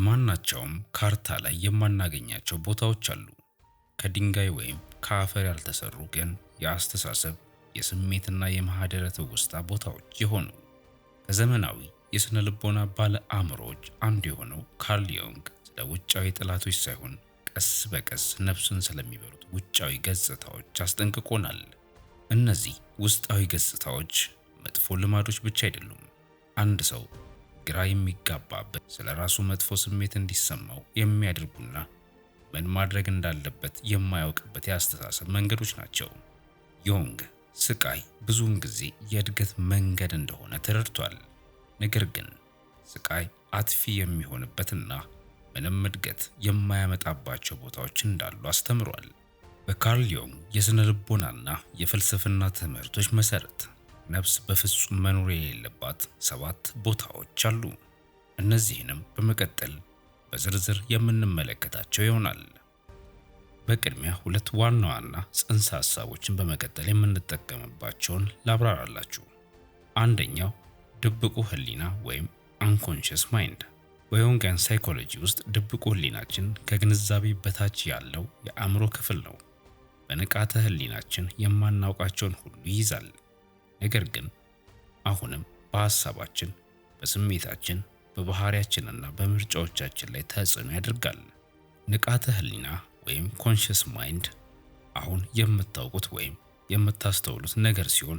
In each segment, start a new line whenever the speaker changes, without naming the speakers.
በማናቸውም ካርታ ላይ የማናገኛቸው ቦታዎች አሉ። ከድንጋይ ወይም ከአፈር ያልተሰሩ ግን የአስተሳሰብ የስሜትና የማህደረ ትውስታ ቦታዎች የሆኑ ከዘመናዊ የሥነ ልቦና ባለ አእምሮዎች አንዱ የሆነው ካርል ዮንግ ስለ ውጫዊ ጥላቶች ሳይሆን ቀስ በቀስ ነፍስን ስለሚበሉት ውጫዊ ገጽታዎች አስጠንቅቆናል። እነዚህ ውስጣዊ ገጽታዎች መጥፎ ልማዶች ብቻ አይደሉም። አንድ ሰው ግራ የሚጋባበት ስለ ራሱ መጥፎ ስሜት እንዲሰማው የሚያደርጉና ምን ማድረግ እንዳለበት የማያውቅበት የአስተሳሰብ መንገዶች ናቸው። ዮንግ ስቃይ ብዙውን ጊዜ የእድገት መንገድ እንደሆነ ተረድቷል። ነገር ግን ስቃይ አጥፊ የሚሆንበትና ምንም እድገት የማያመጣባቸው ቦታዎች እንዳሉ አስተምሯል። በካርል ዮንግ የሥነ ልቦናና የፍልስፍና ትምህርቶች መሠረት ነፍስ በፍጹም መኖር የሌለባት ሰባት ቦታዎች አሉ። እነዚህንም በመቀጠል በዝርዝር የምንመለከታቸው ይሆናል። በቅድሚያ ሁለት ዋና ዋና ጽንሰ ሐሳቦችን በመቀጠል የምንጠቀምባቸውን ላብራራላችሁ። አንደኛው ድብቁ ህሊና ወይም አንኮንሽስ ማይንድ በዮንጋን ሳይኮሎጂ ውስጥ ድብቁ ህሊናችን ከግንዛቤ በታች ያለው የአእምሮ ክፍል ነው። በንቃተ ህሊናችን የማናውቃቸውን ሁሉ ይይዛል። ነገር ግን አሁንም በሐሳባችን፣ በስሜታችን፣ በባህሪያችንና በምርጫዎቻችን ላይ ተጽዕኖ ያደርጋል። ንቃተ ህሊና ወይም ኮንሽስ ማይንድ አሁን የምታውቁት ወይም የምታስተውሉት ነገር ሲሆን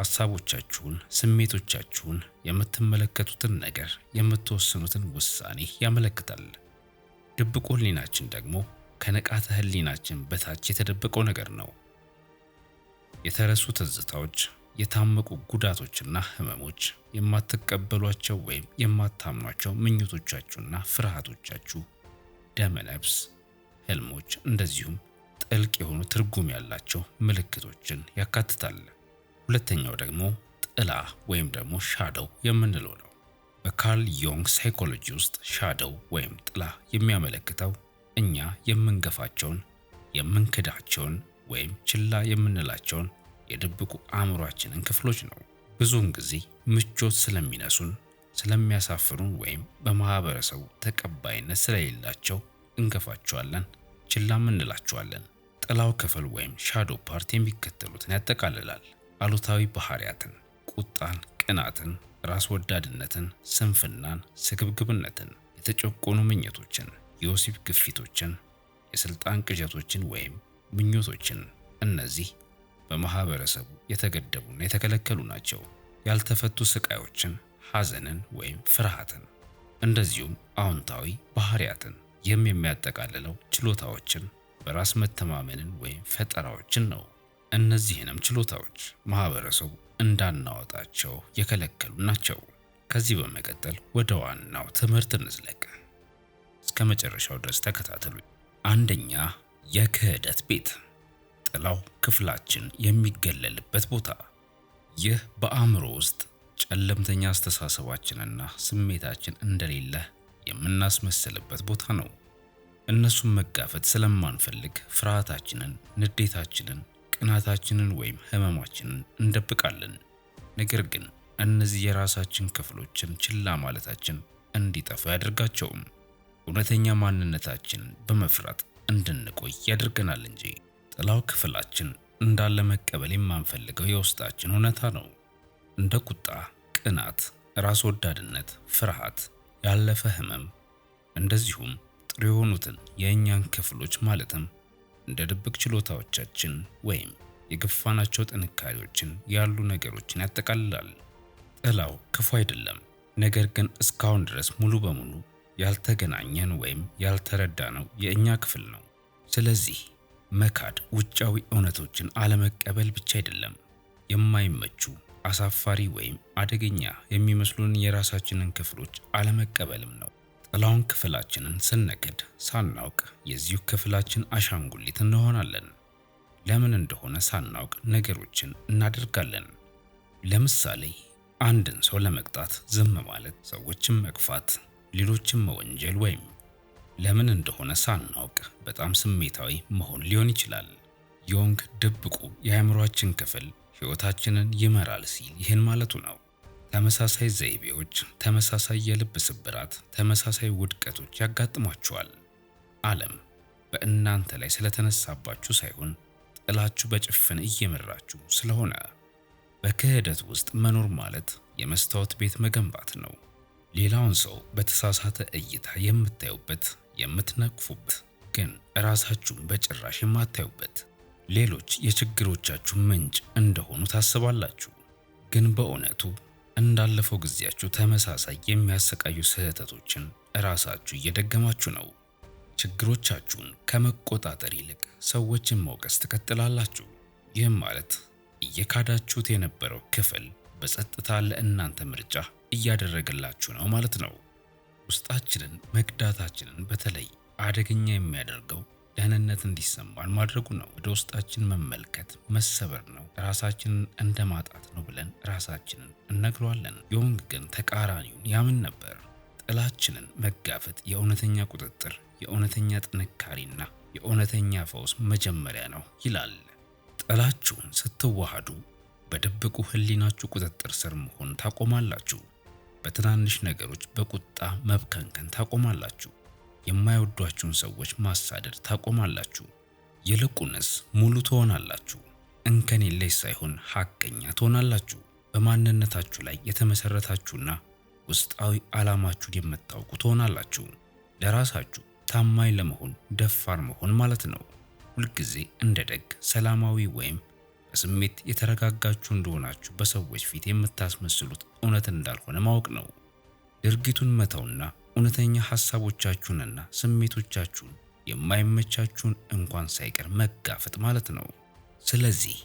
ሐሳቦቻችሁን፣ ስሜቶቻችሁን፣ የምትመለከቱትን ነገር፣ የምትወስኑትን ውሳኔ ያመለክታል። ድብቁ ህሊናችን ደግሞ ከንቃተ ህሊናችን በታች የተደበቀው ነገር ነው። የተረሱ ትዝታዎች የታመቁ ጉዳቶችና ህመሞች፣ የማትቀበሏቸው ወይም የማታምኗቸው ምኞቶቻችሁና ፍርሃቶቻችሁ፣ ደመነፍስ፣ ህልሞች እንደዚሁም ጥልቅ የሆኑ ትርጉም ያላቸው ምልክቶችን ያካትታል። ሁለተኛው ደግሞ ጥላ ወይም ደግሞ ሻደው የምንለው ነው። በካርል ዮንግ ሳይኮሎጂ ውስጥ ሻደው ወይም ጥላ የሚያመለክተው እኛ የምንገፋቸውን፣ የምንክዳቸውን ወይም ችላ የምንላቸውን የድብቁ አእምሯችንን ክፍሎች ነው። ብዙውን ጊዜ ምቾት ስለሚነሱን፣ ስለሚያሳፍሩን ወይም በማህበረሰቡ ተቀባይነት ስለሌላቸው እንገፋቸዋለን፣ ችላም እንላቸዋለን። ጥላው ክፍል ወይም ሻዶ ፓርት የሚከተሉትን ያጠቃልላል። አሉታዊ ባህሪያትን፣ ቁጣን፣ ቅናትን፣ ራስ ወዳድነትን፣ ስንፍናን፣ ስግብግብነትን፣ የተጨቆኑ ምኞቶችን፣ የወሲብ ግፊቶችን፣ የስልጣን ቅዠቶችን ወይም ምኞቶችን እነዚህ በማህበረሰቡ የተገደቡና የተከለከሉ ናቸው። ያልተፈቱ ስቃዮችን፣ ሐዘንን ወይም ፍርሃትን እንደዚሁም አዎንታዊ ባህሪያትን የሚያጠቃልለው ችሎታዎችን፣ በራስ መተማመንን ወይም ፈጠራዎችን ነው። እነዚህንም ችሎታዎች ማህበረሰቡ እንዳናወጣቸው የከለከሉ ናቸው። ከዚህ በመቀጠል ወደ ዋናው ትምህርት እንዝለቅ። እስከ መጨረሻው ድረስ ተከታተሉ። አንደኛ የክህደት ቤት ጥላው ክፍላችን የሚገለልበት ቦታ። ይህ በአእምሮ ውስጥ ጨለምተኛ አስተሳሰባችንና ስሜታችን እንደሌለ የምናስመስልበት ቦታ ነው። እነሱን መጋፈጥ ስለማንፈልግ ፍርሃታችንን፣ ንዴታችንን፣ ቅናታችንን ወይም ህመማችንን እንደብቃለን። ነገር ግን እነዚህ የራሳችን ክፍሎችን ችላ ማለታችን እንዲጠፉ ያደርጋቸውም። እውነተኛ ማንነታችንን በመፍራት እንድንቆይ ያደርገናል እንጂ ጥላው ክፍላችን እንዳለ መቀበል የማንፈልገው የውስጣችን እውነታ ነው። እንደ ቁጣ፣ ቅናት፣ ራስ ወዳድነት፣ ፍርሃት፣ ያለፈ ህመም እንደዚሁም ጥሩ የሆኑትን የእኛን ክፍሎች ማለትም እንደ ድብቅ ችሎታዎቻችን ወይም የገፋናቸው ጥንካሬዎችን ያሉ ነገሮችን ያጠቃልላል። ጥላው ክፉ አይደለም፣ ነገር ግን እስካሁን ድረስ ሙሉ በሙሉ ያልተገናኘን ወይም ያልተረዳነው የእኛ ክፍል ነው። ስለዚህ መካድ ውጫዊ እውነቶችን አለመቀበል ብቻ አይደለም፣ የማይመቹ አሳፋሪ ወይም አደገኛ የሚመስሉን የራሳችንን ክፍሎች አለመቀበልም ነው። ጥላውን ክፍላችንን ስንክድ ሳናውቅ የዚሁ ክፍላችን አሻንጉሊት እንሆናለን። ለምን እንደሆነ ሳናውቅ ነገሮችን እናደርጋለን። ለምሳሌ አንድን ሰው ለመቅጣት ዝም ማለት፣ ሰዎችን መግፋት፣ ሌሎችን መወንጀል ወይም ለምን እንደሆነ ሳናውቅ በጣም ስሜታዊ መሆን ሊሆን ይችላል። ዮንግ ድብቁ የአእምሯችን ክፍል ሕይወታችንን ይመራል ሲል ይህን ማለቱ ነው። ተመሳሳይ ዘይቤዎች፣ ተመሳሳይ የልብ ስብራት፣ ተመሳሳይ ውድቀቶች ያጋጥሟችኋል። ዓለም በእናንተ ላይ ስለተነሳባችሁ ሳይሆን ጥላችሁ በጭፍን እየመራችሁ ስለሆነ። በክህደት ውስጥ መኖር ማለት የመስታወት ቤት መገንባት ነው። ሌላውን ሰው በተሳሳተ እይታ የምታዩበት የምትነቅፉበት ግን ራሳችሁን በጭራሽ የማታዩበት ሌሎች የችግሮቻችሁ ምንጭ እንደሆኑ ታስባላችሁ። ግን በእውነቱ እንዳለፈው ጊዜያችሁ ተመሳሳይ የሚያሰቃዩ ስህተቶችን ራሳችሁ እየደገማችሁ ነው። ችግሮቻችሁን ከመቆጣጠር ይልቅ ሰዎችን መውቀስ ትቀጥላላችሁ። ይህም ማለት እየካዳችሁት የነበረው ክፍል በጸጥታ ለእናንተ ምርጫ እያደረገላችሁ ነው ማለት ነው። ውስጣችንን መግዳታችንን በተለይ አደገኛ የሚያደርገው ደህንነት እንዲሰማን ማድረጉ ነው። ወደ ውስጣችን መመልከት መሰበር ነው፣ ራሳችንን እንደ ማጣት ነው ብለን ራሳችንን እነግረዋለን። ዮንግ ግን ተቃራኒውን ያምን ነበር። ጥላችንን መጋፈጥ የእውነተኛ ቁጥጥር፣ የእውነተኛ ጥንካሬና የእውነተኛ ፈውስ መጀመሪያ ነው ይላል። ጥላችሁን ስትዋሃዱ በድብቁ ህሊናችሁ ቁጥጥር ስር መሆን ታቆማላችሁ። በትናንሽ ነገሮች በቁጣ መብከንከን ታቆማላችሁ። የማይወዷችሁን ሰዎች ማሳደድ ታቆማላችሁ። ይልቁንስ ሙሉ ትሆናላችሁ። እንከን የለሽ ሳይሆን ሐቀኛ ትሆናላችሁ። በማንነታችሁ ላይ የተመሰረታችሁና ውስጣዊ ዓላማችሁን የምታውቁ ትሆናላችሁ። ለራሳችሁ ታማኝ ለመሆን ደፋር መሆን ማለት ነው። ሁልጊዜ እንደ ደግ፣ ሰላማዊ ወይም በስሜት የተረጋጋችሁ እንደሆናችሁ በሰዎች ፊት የምታስመስሉት እውነት እንዳልሆነ ማወቅ ነው። ድርጊቱን መተውና እውነተኛ ሐሳቦቻችሁንና ስሜቶቻችሁን የማይመቻችሁን እንኳን ሳይቀር መጋፈጥ ማለት ነው። ስለዚህ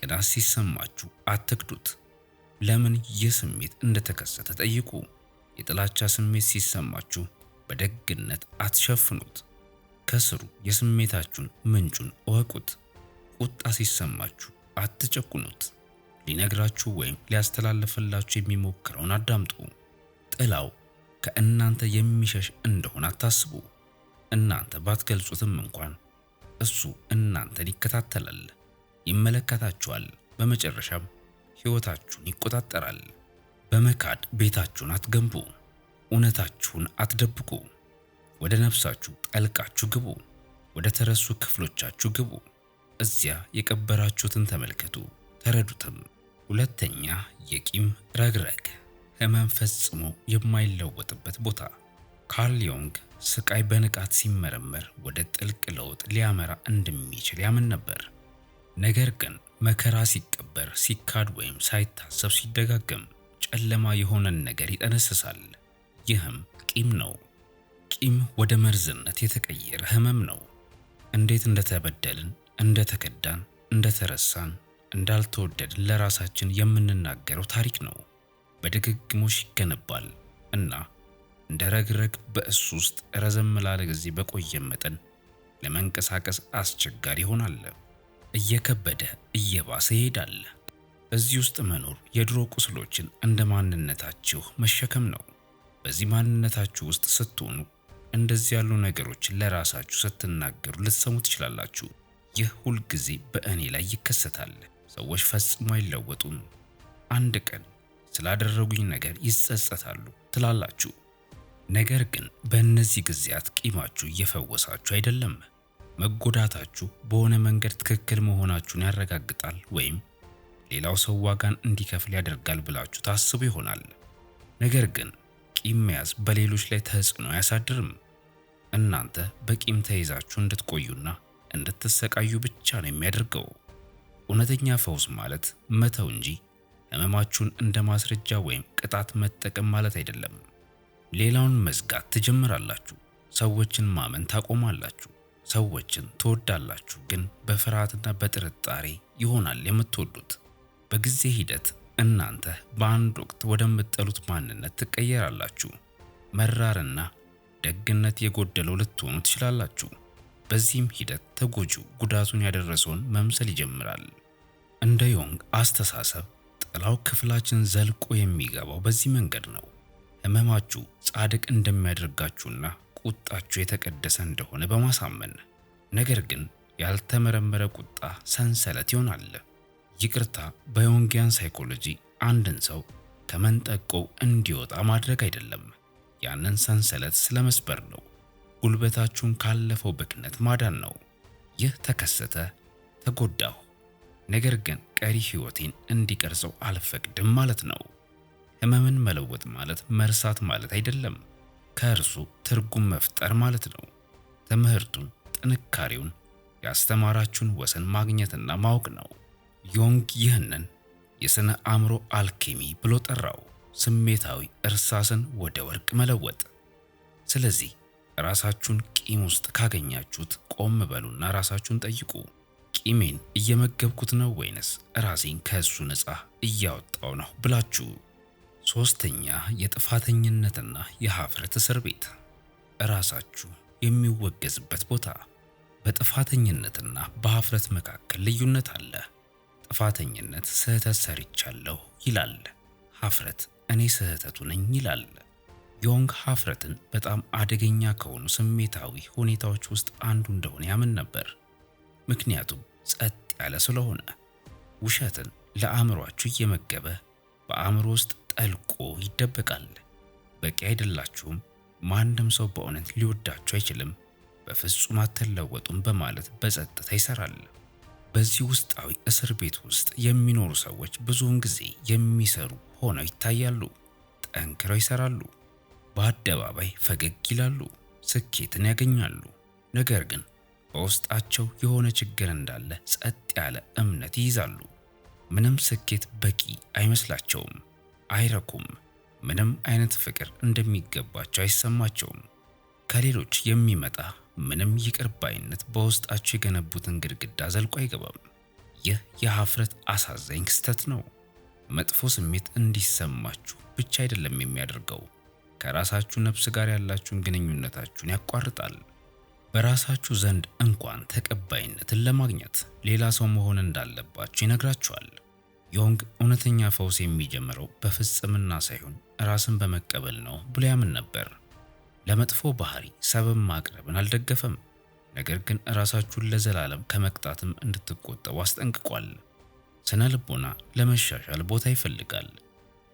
ቅናት ሲሰማችሁ አትክዱት። ለምን ይህ ስሜት እንደተከሰተ ጠይቁ። የጥላቻ ስሜት ሲሰማችሁ በደግነት አትሸፍኑት። ከስሩ የስሜታችሁን ምንጩን እወቁት። ቁጣ ሲሰማችሁ አትጨቁኑት። ሊነግራችሁ ወይም ሊያስተላልፍላችሁ የሚሞክረውን አዳምጡ። ጥላው ከእናንተ የሚሸሽ እንደሆነ አታስቡ። እናንተ ባትገልጹትም እንኳን እሱ እናንተን ይከታተላል፣ ይመለከታችኋል፣ በመጨረሻም ሕይወታችሁን ይቆጣጠራል። በመካድ ቤታችሁን አትገንቡ። እውነታችሁን አትደብቁ። ወደ ነፍሳችሁ ጠልቃችሁ ግቡ። ወደ ተረሱ ክፍሎቻችሁ ግቡ። እዚያ የቀበራችሁትን ተመልከቱ ተረዱትም። ሁለተኛ የቂም ረግረግ ህመም ፈጽሞ የማይለወጥበት ቦታ። ካርል ዮንግ ስቃይ በንቃት ሲመረመር ወደ ጥልቅ ለውጥ ሊያመራ እንደሚችል ያምን ነበር። ነገር ግን መከራ ሲቀበር፣ ሲካድ ወይም ሳይታሰብ ሲደጋገም ጨለማ የሆነን ነገር ይጠነስሳል። ይህም ቂም ነው። ቂም ወደ መርዝነት የተቀየረ ህመም ነው። እንዴት እንደተበደልን እንደተከዳን፣ እንደተረሳን፣ እንዳልተወደድን ለራሳችን የምንናገረው ታሪክ ነው። በድግግሞሽ ይገነባል እና እንደ ረግረግ በእሱ ውስጥ ረዘም ላለ ጊዜ በቆየም መጠን ለመንቀሳቀስ አስቸጋሪ ይሆናል። እየከበደ እየባሰ ይሄዳል። እዚህ ውስጥ መኖር የድሮ ቁስሎችን እንደ ማንነታችሁ መሸከም ነው። በዚህ ማንነታችሁ ውስጥ ስትሆኑ እንደዚህ ያሉ ነገሮችን ለራሳችሁ ስትናገሩ ልትሰሙ ትችላላችሁ። ይህ ሁልጊዜ በእኔ ላይ ይከሰታል። ሰዎች ፈጽሞ አይለወጡም። አንድ ቀን ስላደረጉኝ ነገር ይጸጸታሉ ትላላችሁ። ነገር ግን በእነዚህ ጊዜያት ቂማችሁ እየፈወሳችሁ አይደለም። መጎዳታችሁ በሆነ መንገድ ትክክል መሆናችሁን ያረጋግጣል ወይም ሌላው ሰው ዋጋን እንዲከፍል ያደርጋል ብላችሁ ታስቡ ይሆናል። ነገር ግን ቂም መያዝ በሌሎች ላይ ተጽዕኖ አያሳድርም። እናንተ በቂም ተይዛችሁ እንድትቆዩና እንድትሰቃዩ ብቻ ነው የሚያደርገው። እውነተኛ ፈውስ ማለት መተው እንጂ ህመማችሁን እንደ ማስረጃ ወይም ቅጣት መጠቀም ማለት አይደለም። ሌላውን መዝጋት ትጀምራላችሁ። ሰዎችን ማመን ታቆማላችሁ። ሰዎችን ትወዳላችሁ፣ ግን በፍርሃትና በጥርጣሬ ይሆናል የምትወዱት። በጊዜ ሂደት እናንተ በአንድ ወቅት ወደምትጠሉት ማንነት ትቀየራላችሁ። መራርና ደግነት የጎደለው ልትሆኑ ትችላላችሁ። በዚህም ሂደት ተጎጂው ጉዳቱን ያደረሰውን መምሰል ይጀምራል። እንደ ዮንግ አስተሳሰብ ጥላው ክፍላችን ዘልቆ የሚገባው በዚህ መንገድ ነው። ህመማችሁ ጻድቅ እንደሚያደርጋችሁና ቁጣችሁ የተቀደሰ እንደሆነ በማሳመን ነገር ግን ያልተመረመረ ቁጣ ሰንሰለት ይሆናል። ይቅርታ በዮንጊያን ሳይኮሎጂ አንድን ሰው ከመንጠቆው እንዲወጣ ማድረግ አይደለም፣ ያንን ሰንሰለት ስለመስበር ነው። ጉልበታችሁን ካለፈው ብክነት ማዳን ነው። ይህ ተከሰተ፣ ተጎዳሁ፣ ነገር ግን ቀሪ ህይወቴን እንዲቀርጸው አልፈቅድም ማለት ነው። ህመምን መለወጥ ማለት መርሳት ማለት አይደለም፣ ከእርሱ ትርጉም መፍጠር ማለት ነው። ትምህርቱን፣ ጥንካሬውን፣ ያስተማራችሁን ወሰን ማግኘትና ማወቅ ነው። ዮንግ ይህንን የሥነ አእምሮ አልኬሚ ብሎ ጠራው፣ ስሜታዊ እርሳስን ወደ ወርቅ መለወጥ። ስለዚህ ራሳችሁን ቂም ውስጥ ካገኛችሁት ቆም በሉና ራሳችሁን ጠይቁ። ቂሜን እየመገብኩት ነው ወይንስ ራሴን ከእሱ ነፃ እያወጣው ነው ብላችሁ። ሶስተኛ የጥፋተኝነትና የሀፍረት እስር ቤት ራሳችሁ የሚወገዝበት ቦታ። በጥፋተኝነትና በሀፍረት መካከል ልዩነት አለ። ጥፋተኝነት ስህተት ሰርቻለሁ ይላል። ሀፍረት እኔ ስህተቱ ነኝ ይላል። ዮንግ ሀፍረትን በጣም አደገኛ ከሆኑ ስሜታዊ ሁኔታዎች ውስጥ አንዱ እንደሆነ ያምን ነበር። ምክንያቱም ጸጥ ያለ ስለሆነ ውሸትን ለአእምሯችሁ እየመገበ በአእምሮ ውስጥ ጠልቆ ይደበቃል። በቂ አይደላችሁም፣ ማንም ሰው በእውነት ሊወዳችሁ አይችልም፣ በፍጹም አትለወጡም በማለት በጸጥታ ይሰራል። በዚህ ውስጣዊ እስር ቤት ውስጥ የሚኖሩ ሰዎች ብዙውን ጊዜ የሚሰሩ ሆነው ይታያሉ። ጠንክረው ይሰራሉ፣ በአደባባይ ፈገግ ይላሉ፣ ስኬትን ያገኛሉ። ነገር ግን በውስጣቸው የሆነ ችግር እንዳለ ጸጥ ያለ እምነት ይይዛሉ። ምንም ስኬት በቂ አይመስላቸውም፣ አይረኩም። ምንም አይነት ፍቅር እንደሚገባቸው አይሰማቸውም። ከሌሎች የሚመጣ ምንም ይቅርባይነት በውስጣቸው የገነቡትን ግድግዳ ዘልቆ አይገባም። ይህ የሀፍረት አሳዛኝ ክስተት ነው። መጥፎ ስሜት እንዲሰማችሁ ብቻ አይደለም የሚያደርገው ከራሳችሁ ነፍስ ጋር ያላችሁን ግንኙነታችሁን ያቋርጣል። በራሳችሁ ዘንድ እንኳን ተቀባይነትን ለማግኘት ሌላ ሰው መሆን እንዳለባችሁ ይነግራችኋል። ዮንግ እውነተኛ ፈውስ የሚጀምረው በፍጽምና ሳይሆን ራስን በመቀበል ነው ብሎ ያምን ነበር። ለመጥፎ ባህሪ ሰበብ ማቅረብን አልደገፈም። ነገር ግን ራሳችሁን ለዘላለም ከመቅጣትም እንድትቆጠቡ አስጠንቅቋል። ስነ ልቦና ለመሻሻል ቦታ ይፈልጋል።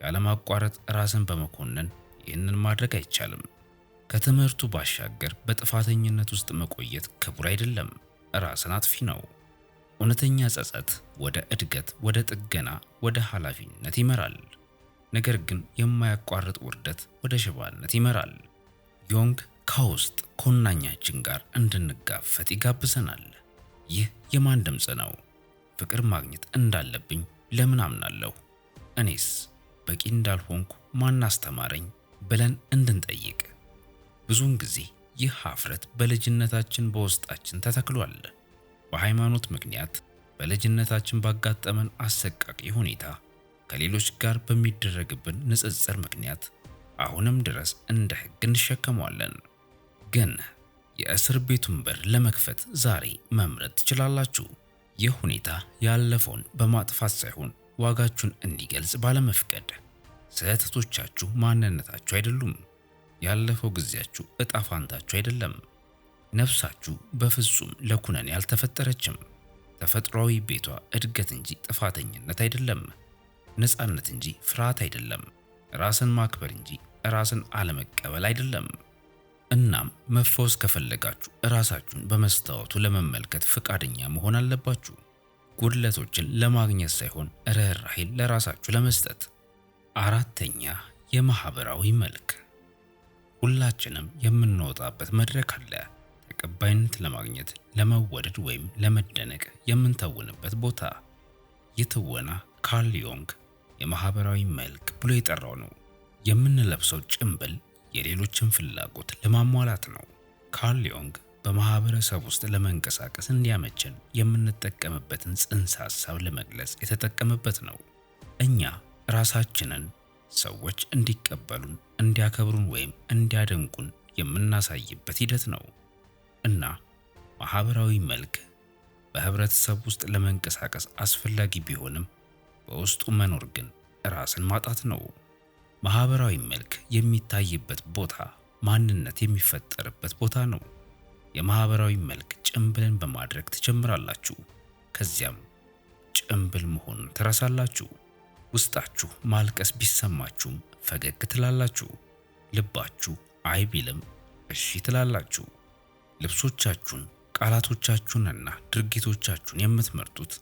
ያለማቋረጥ ራስን በመኮነን ይህንን ማድረግ አይቻልም። ከትምህርቱ ባሻገር በጥፋተኝነት ውስጥ መቆየት ክቡር አይደለም፣ ራስን አጥፊ ነው። እውነተኛ ጸጸት ወደ እድገት፣ ወደ ጥገና፣ ወደ ኃላፊነት ይመራል። ነገር ግን የማያቋርጥ ውርደት ወደ ሽባነት ይመራል። ዮንግ ከውስጥ ኮናኛችን ጋር እንድንጋፈጥ ይጋብዘናል። ይህ የማን ድምፅ ነው? ፍቅር ማግኘት እንዳለብኝ ለምን አምናለሁ? እኔስ በቂ እንዳልሆንኩ ማን አስተማረኝ? ብለን እንድንጠይቅ። ብዙውን ጊዜ ይህ ሀፍረት በልጅነታችን በውስጣችን ተተክሏል። በሃይማኖት ምክንያት በልጅነታችን ባጋጠመን አሰቃቂ ሁኔታ፣ ከሌሎች ጋር በሚደረግብን ንጽጽር ምክንያት አሁንም ድረስ እንደ ሕግ እንሸከመዋለን። ግን የእስር ቤቱን በር ለመክፈት ዛሬ መምረጥ ትችላላችሁ። ይህ ሁኔታ ያለፈውን በማጥፋት ሳይሆን ዋጋችሁን እንዲገልጽ ባለመፍቀድ ስህተቶቻችሁ ማንነታችሁ አይደሉም። ያለፈው ጊዜያችሁ እጣ ፋንታችሁ አይደለም። ነፍሳችሁ በፍጹም ለኩነኔ አልተፈጠረችም። ተፈጥሯዊ ቤቷ እድገት እንጂ ጥፋተኝነት አይደለም። ነፃነት እንጂ ፍርሃት አይደለም። ራስን ማክበር እንጂ ራስን አለመቀበል አይደለም። እናም መፈወስ ከፈለጋችሁ ራሳችሁን በመስታወቱ ለመመልከት ፈቃደኛ መሆን አለባችሁ። ጉድለቶችን ለማግኘት ሳይሆን ርኅራኄን ለራሳችሁ ለመስጠት አራተኛ የማህበራዊ መልክ። ሁላችንም የምንወጣበት መድረክ አለ። ተቀባይነት ለማግኘት ለመወደድ ወይም ለመደነቅ የምንተውንበት ቦታ። የትወና ካርል ዮንግ የማህበራዊ መልክ ብሎ የጠራው ነው። የምንለብሰው ጭንብል የሌሎችን ፍላጎት ለማሟላት ነው። ካርል ዮንግ በማህበረሰብ ውስጥ ለመንቀሳቀስ እንዲያመችን የምንጠቀምበትን ጽንሰ ሐሳብ ለመግለጽ የተጠቀመበት ነው። እኛ ራሳችንን ሰዎች እንዲቀበሉን፣ እንዲያከብሩን ወይም እንዲያደንቁን የምናሳይበት ሂደት ነው እና ማህበራዊ መልክ በህብረተሰብ ውስጥ ለመንቀሳቀስ አስፈላጊ ቢሆንም በውስጡ መኖር ግን ራስን ማጣት ነው። ማህበራዊ መልክ የሚታይበት ቦታ ማንነት የሚፈጠርበት ቦታ ነው። የማህበራዊ መልክ ጭምብልን በማድረግ ትጀምራላችሁ። ከዚያም ጭምብል መሆኑን ትረሳላችሁ። ውስጣችሁ ማልቀስ ቢሰማችሁም ፈገግ ትላላችሁ። ልባችሁ አይ ቢልም እሺ ትላላችሁ። ልብሶቻችሁን፣ ቃላቶቻችሁንና ድርጊቶቻችሁን የምትመርጡት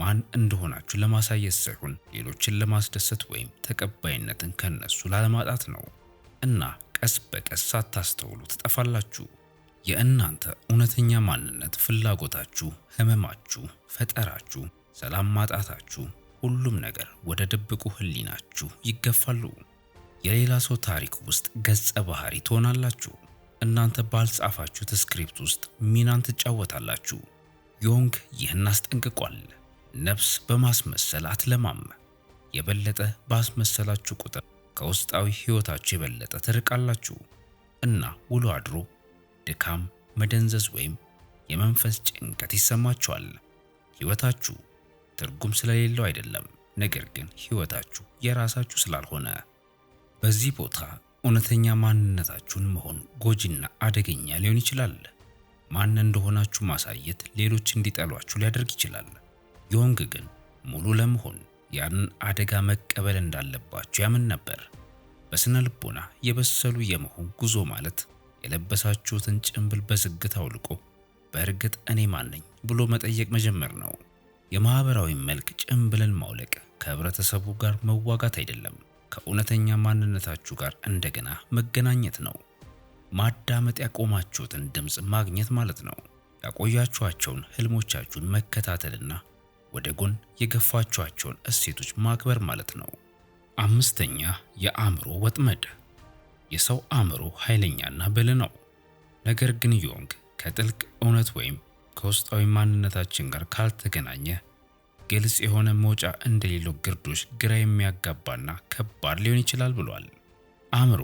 ማን እንደሆናችሁ ለማሳየት ሳይሆን ሌሎችን ለማስደሰት ወይም ተቀባይነትን ከነሱ ላለማጣት ነው እና ቀስ በቀስ ሳታስተውሉ ትጠፋላችሁ። የእናንተ እውነተኛ ማንነት ፍላጎታችሁ፣ ህመማችሁ፣ ፈጠራችሁ፣ ሰላም ማጣታችሁ ሁሉም ነገር ወደ ድብቁ ህሊናችሁ ይገፋሉ። የሌላ ሰው ታሪክ ውስጥ ገጸ ባህሪ ትሆናላችሁ። እናንተ ባልጻፋችሁት ስክሪፕት ውስጥ ሚናን ትጫወታላችሁ። ዮንግ ይህን አስጠንቅቋል። ነፍስ በማስመሰል አትለማም። የበለጠ ባስመሰላችሁ ቁጥር ከውስጣዊ ሕይወታችሁ የበለጠ ትርቃላችሁ እና ውሎ አድሮ ድካም፣ መደንዘዝ ወይም የመንፈስ ጭንቀት ይሰማችኋል። ሕይወታችሁ ትርጉም ስለሌለው አይደለም፣ ነገር ግን ህይወታችሁ የራሳችሁ ስላልሆነ። በዚህ ቦታ እውነተኛ ማንነታችሁን መሆን ጎጂና አደገኛ ሊሆን ይችላል። ማን እንደሆናችሁ ማሳየት ሌሎች እንዲጠሏችሁ ሊያደርግ ይችላል። ዮንግ ግን ሙሉ ለመሆን ያንን አደጋ መቀበል እንዳለባችሁ ያምን ነበር። በስነ ልቦና የበሰሉ የመሆን ጉዞ ማለት የለበሳችሁትን ጭንብል በዝግታ አውልቆ በእርግጥ እኔ ማን ነኝ ብሎ መጠየቅ መጀመር ነው። የማህበራዊ መልክ ጭምብልን ማውለቅ ከህብረተሰቡ ጋር መዋጋት አይደለም፣ ከእውነተኛ ማንነታችሁ ጋር እንደገና መገናኘት ነው። ማዳመጥ ያቆማችሁትን ድምፅ ማግኘት ማለት ነው። ያቆያችኋቸውን ህልሞቻችሁን መከታተልና ወደ ጎን የገፋችኋቸውን እሴቶች ማክበር ማለት ነው። አምስተኛ የአእምሮ ወጥመድ። የሰው አእምሮ ኃይለኛና ብልህ ነው። ነገር ግን ዮንግ ከጥልቅ እውነት ወይም ከውስጣዊ ማንነታችን ጋር ካልተገናኘ ግልጽ የሆነ መውጫ እንደሌለው ግርዶሽ ግራ የሚያጋባና ከባድ ሊሆን ይችላል ብሏል። አእምሮ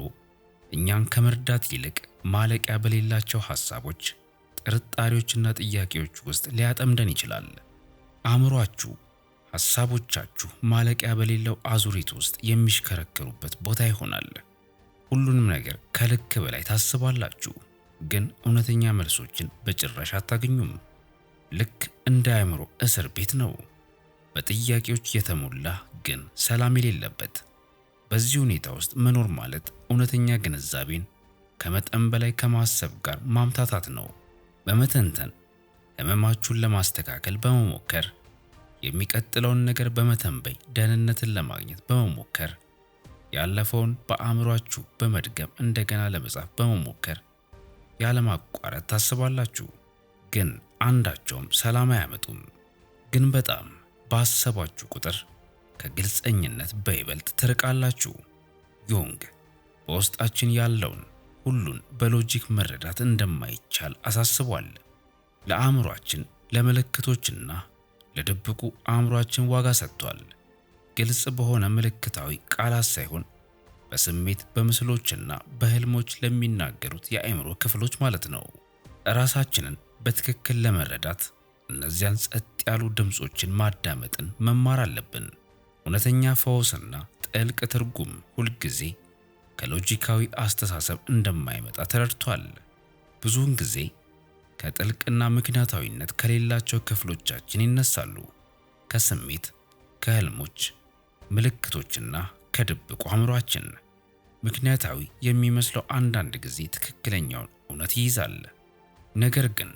እኛን ከመርዳት ይልቅ ማለቂያ በሌላቸው ሐሳቦች፣ ጥርጣሬዎችና ጥያቄዎች ውስጥ ሊያጠምደን ይችላል። አእምሯችሁ ሐሳቦቻችሁ ማለቂያ በሌለው አዙሪት ውስጥ የሚሽከረከሩበት ቦታ ይሆናል። ሁሉንም ነገር ከልክ በላይ ታስባላችሁ። ግን እውነተኛ መልሶችን በጭራሽ አታገኙም። ልክ እንደ አእምሮ እስር ቤት ነው፣ በጥያቄዎች የተሞላ ግን ሰላም የሌለበት። በዚህ ሁኔታ ውስጥ መኖር ማለት እውነተኛ ግንዛቤን ከመጠን በላይ ከማሰብ ጋር ማምታታት ነው። በመተንተን ህመማችሁን ለማስተካከል በመሞከር የሚቀጥለውን ነገር በመተንበይ ደህንነትን ለማግኘት በመሞከር ያለፈውን በአእምሯችሁ በመድገም እንደገና ለመጻፍ በመሞከር ያለማቋረጥ ታስባላችሁ፣ ግን አንዳቸውም ሰላም አያመጡም። ግን በጣም ባሰባችሁ ቁጥር ከግልጸኝነት በይበልጥ ትርቃላችሁ። ዮንግ በውስጣችን ያለውን ሁሉን በሎጂክ መረዳት እንደማይቻል አሳስቧል። ለአእምሯችን፣ ለምልክቶችና ለድብቁ አእምሯችን ዋጋ ሰጥቷል። ግልጽ በሆነ ምልክታዊ ቃላት ሳይሆን በስሜት በምስሎችና በህልሞች ለሚናገሩት የአእምሮ ክፍሎች ማለት ነው። ራሳችንን በትክክል ለመረዳት እነዚያን ጸጥ ያሉ ድምፆችን ማዳመጥን መማር አለብን። እውነተኛ ፈውስና ጥልቅ ትርጉም ሁልጊዜ ከሎጂካዊ አስተሳሰብ እንደማይመጣ ተረድቷል። ብዙውን ጊዜ ከጥልቅና ምክንያታዊነት ከሌላቸው ክፍሎቻችን ይነሳሉ። ከስሜት፣ ከህልሞች፣ ምልክቶችና ከድብቁ አእምሯችን ምክንያታዊ የሚመስለው አንዳንድ ጊዜ ትክክለኛውን እውነት ይይዛል። ነገር ግን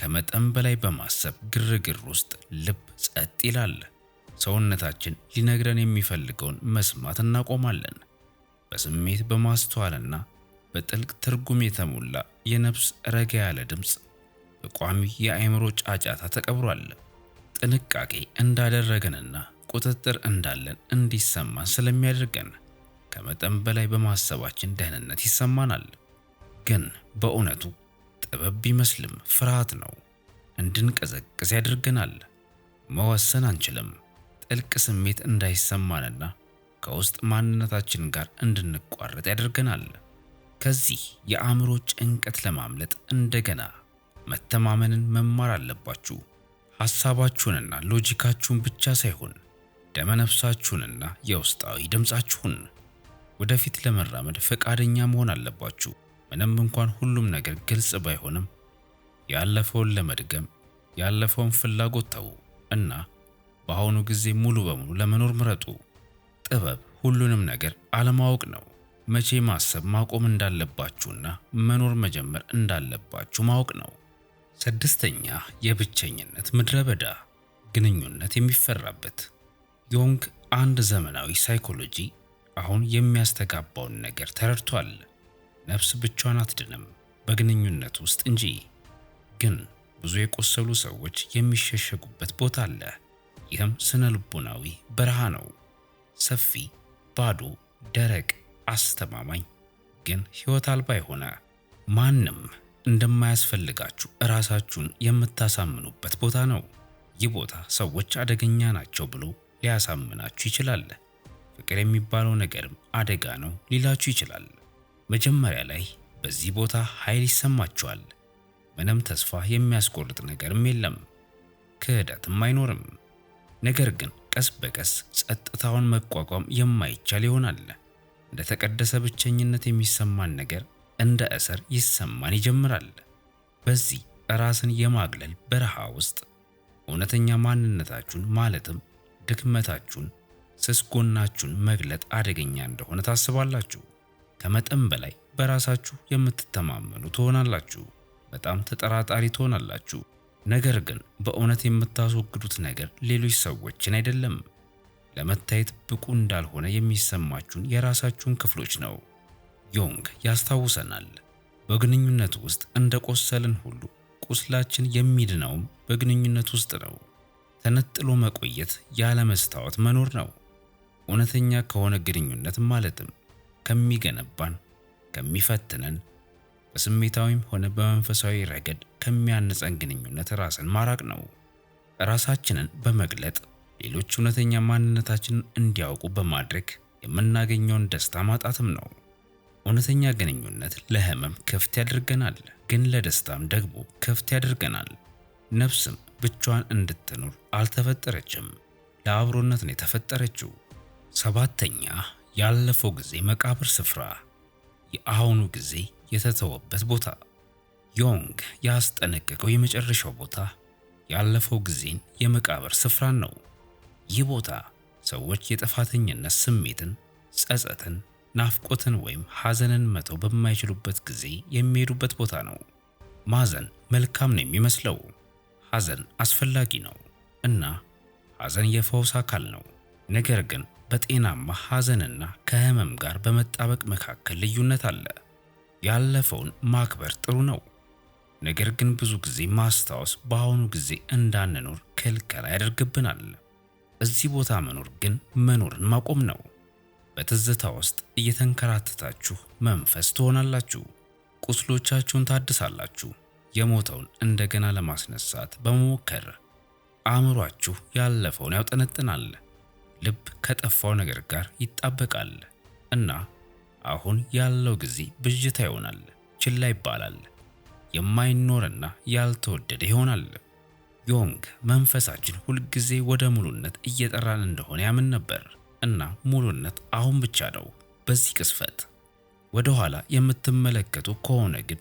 ከመጠን በላይ በማሰብ ግርግር ውስጥ ልብ ጸጥ ይላል። ሰውነታችን ሊነግረን የሚፈልገውን መስማት እናቆማለን። በስሜት በማስተዋልና በጥልቅ ትርጉም የተሞላ የነፍስ ረጋ ያለ ድምፅ በቋሚ የአእምሮ ጫጫታ ተቀብሯል። ጥንቃቄ እንዳደረገንና ቁጥጥር እንዳለን እንዲሰማን ስለሚያደርገን ከመጠን በላይ በማሰባችን ደህንነት ይሰማናል። ግን በእውነቱ ጥበብ ቢመስልም ፍርሃት ነው። እንድንቀዘቅዝ ያደርገናል። መወሰን አንችልም። ጥልቅ ስሜት እንዳይሰማንና ከውስጥ ማንነታችን ጋር እንድንቋረጥ ያደርገናል። ከዚህ የአእምሮ ጭንቀት ለማምለጥ እንደገና መተማመንን መማር አለባችሁ። ሐሳባችሁንና ሎጂካችሁን ብቻ ሳይሆን ደመነፍሳችሁንና የውስጣዊ ድምፃችሁን ወደፊት ለመራመድ ፈቃደኛ መሆን አለባችሁ። ምንም እንኳን ሁሉም ነገር ግልጽ ባይሆንም ያለፈውን ለመድገም ያለፈውን ፍላጎት ተዉ እና በአሁኑ ጊዜ ሙሉ በሙሉ ለመኖር ምረጡ። ጥበብ ሁሉንም ነገር አለማወቅ ነው። መቼ ማሰብ ማቆም እንዳለባችሁና መኖር መጀመር እንዳለባችሁ ማወቅ ነው። ስድስተኛ የብቸኝነት ምድረ በዳ ግንኙነት የሚፈራበት ዮንግ አንድ ዘመናዊ ሳይኮሎጂ አሁን የሚያስተጋባውን ነገር ተረድቷል። ነፍስ ብቻዋን አትድንም በግንኙነት ውስጥ እንጂ። ግን ብዙ የቆሰሉ ሰዎች የሚሸሸጉበት ቦታ አለ። ይህም ስነ ልቦናዊ በረሃ ነው። ሰፊ፣ ባዶ፣ ደረቅ፣ አስተማማኝ ግን ሕይወት አልባ የሆነ ማንም እንደማያስፈልጋችሁ እራሳችሁን የምታሳምኑበት ቦታ ነው። ይህ ቦታ ሰዎች አደገኛ ናቸው ብሎ ሊያሳምናችሁ ይችላል። ፍቅር የሚባለው ነገርም አደጋ ነው ሊላችሁ ይችላል። መጀመሪያ ላይ በዚህ ቦታ ኃይል ይሰማችኋል። ምንም ተስፋ የሚያስቆርጥ ነገርም የለም፣ ክህደትም አይኖርም። ነገር ግን ቀስ በቀስ ጸጥታውን መቋቋም የማይቻል ይሆናል። እንደ ተቀደሰ ብቸኝነት የሚሰማን ነገር እንደ እስር ይሰማን ይጀምራል። በዚህ ራስን የማግለል በረሃ ውስጥ እውነተኛ ማንነታችሁን ማለትም ድክመታችሁን ስስ ጎናችሁን መግለጥ አደገኛ እንደሆነ ታስባላችሁ። ከመጠን በላይ በራሳችሁ የምትተማመኑ ትሆናላችሁ። በጣም ተጠራጣሪ ትሆናላችሁ። ነገር ግን በእውነት የምታስወግዱት ነገር ሌሎች ሰዎችን አይደለም፣ ለመታየት ብቁ እንዳልሆነ የሚሰማችሁን የራሳችሁን ክፍሎች ነው። ዮንግ ያስታውሰናል፣ በግንኙነት ውስጥ እንደ ቆሰልን ሁሉ ቁስላችን የሚድነውም በግንኙነት ውስጥ ነው። ተነጥሎ መቆየት ያለ መስታወት መኖር ነው። እውነተኛ ከሆነ ግንኙነት ማለትም ከሚገነባን፣ ከሚፈትነን፣ በስሜታዊም ሆነ በመንፈሳዊ ረገድ ከሚያነፀን ግንኙነት ራስን ማራቅ ነው። ራሳችንን በመግለጥ ሌሎች እውነተኛ ማንነታችንን እንዲያውቁ በማድረግ የምናገኘውን ደስታ ማጣትም ነው። እውነተኛ ግንኙነት ለህመም ክፍት ያደርገናል፣ ግን ለደስታም ደግሞ ክፍት ያደርገናል። ነፍስም ብቻዋን እንድትኖር አልተፈጠረችም፣ ለአብሮነት ነው የተፈጠረችው። ሰባተኛ ያለፈው ጊዜ መቃብር ስፍራ የአሁኑ ጊዜ የተተወበት ቦታ ዮንግ ያስጠነቀቀው የመጨረሻው ቦታ ያለፈው ጊዜን የመቃብር ስፍራን ነው። ይህ ቦታ ሰዎች የጥፋተኝነት ስሜትን፣ ጸጸትን፣ ናፍቆትን ወይም ሐዘንን መተው በማይችሉበት ጊዜ የሚሄዱበት ቦታ ነው። ማዘን መልካም ነው የሚመስለው። ሐዘን አስፈላጊ ነው እና ሐዘን የፈውስ አካል ነው። ነገር ግን በጤናማ ሐዘንና ከህመም ጋር በመጣበቅ መካከል ልዩነት አለ። ያለፈውን ማክበር ጥሩ ነው፣ ነገር ግን ብዙ ጊዜ ማስታወስ በአሁኑ ጊዜ እንዳንኖር ክልከላ ያደርግብናል። እዚህ ቦታ መኖር ግን መኖርን ማቆም ነው። በትዝታ ውስጥ እየተንከራተታችሁ መንፈስ ትሆናላችሁ። ቁስሎቻችሁን ታድሳላችሁ። የሞተውን እንደገና ለማስነሳት በመሞከር አእምሯችሁ ያለፈውን ያውጠነጥናል። ልብ ከጠፋው ነገር ጋር ይጣበቃል እና አሁን ያለው ጊዜ ብዥታ ይሆናል፣ ችላ ይባላል፣ የማይኖርና ያልተወደደ ይሆናል። ዮንግ መንፈሳችን ሁልጊዜ ወደ ሙሉነት እየጠራን እንደሆነ ያምን ነበር እና ሙሉነት አሁን ብቻ ነው። በዚህ ቅስፈት ወደ ኋላ የምትመለከቱ ከሆነ ግን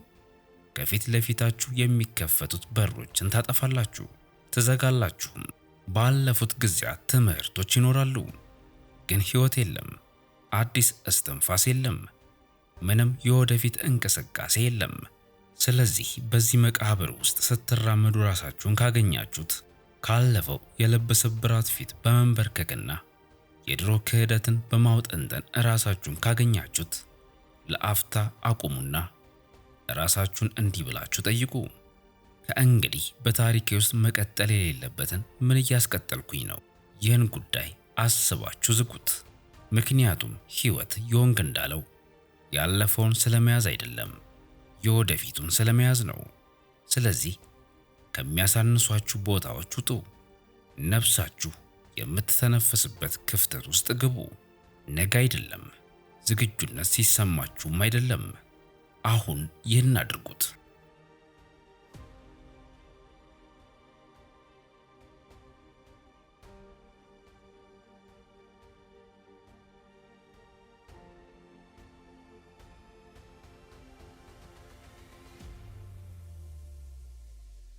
ከፊት ለፊታችሁ የሚከፈቱት በሮችን ታጠፋላችሁ፣ ትዘጋላችሁም። ባለፉት ጊዜያት ትምህርቶች ይኖራሉ፣ ግን ሕይወት የለም። አዲስ እስትንፋስ የለም። ምንም የወደፊት እንቅስቃሴ የለም። ስለዚህ በዚህ መቃብር ውስጥ ስትራመዱ ራሳችሁን ካገኛችሁት ካለፈው የልብ ስብራት ፊት በመንበርከክና የድሮ ክህደትን በማውጠንጠን ራሳችሁን ካገኛችሁት ለአፍታ አቁሙና ራሳችሁን እንዲህ ብላችሁ ጠይቁ። ከእንግዲህ በታሪኬ ውስጥ መቀጠል የሌለበትን ምን እያስቀጠልኩኝ ነው? ይህን ጉዳይ አስባችሁ ዝጉት። ምክንያቱም ህይወት ዮንግ እንዳለው ያለፈውን ስለመያዝ አይደለም፣ የወደፊቱን ስለመያዝ ነው። ስለዚህ ከሚያሳንሷችሁ ቦታዎች ውጡ። ነፍሳችሁ የምትተነፍስበት ክፍተት ውስጥ ግቡ። ነገ አይደለም፣ ዝግጁነት ሲሰማችሁም አይደለም። አሁን ይህን አድርጉት።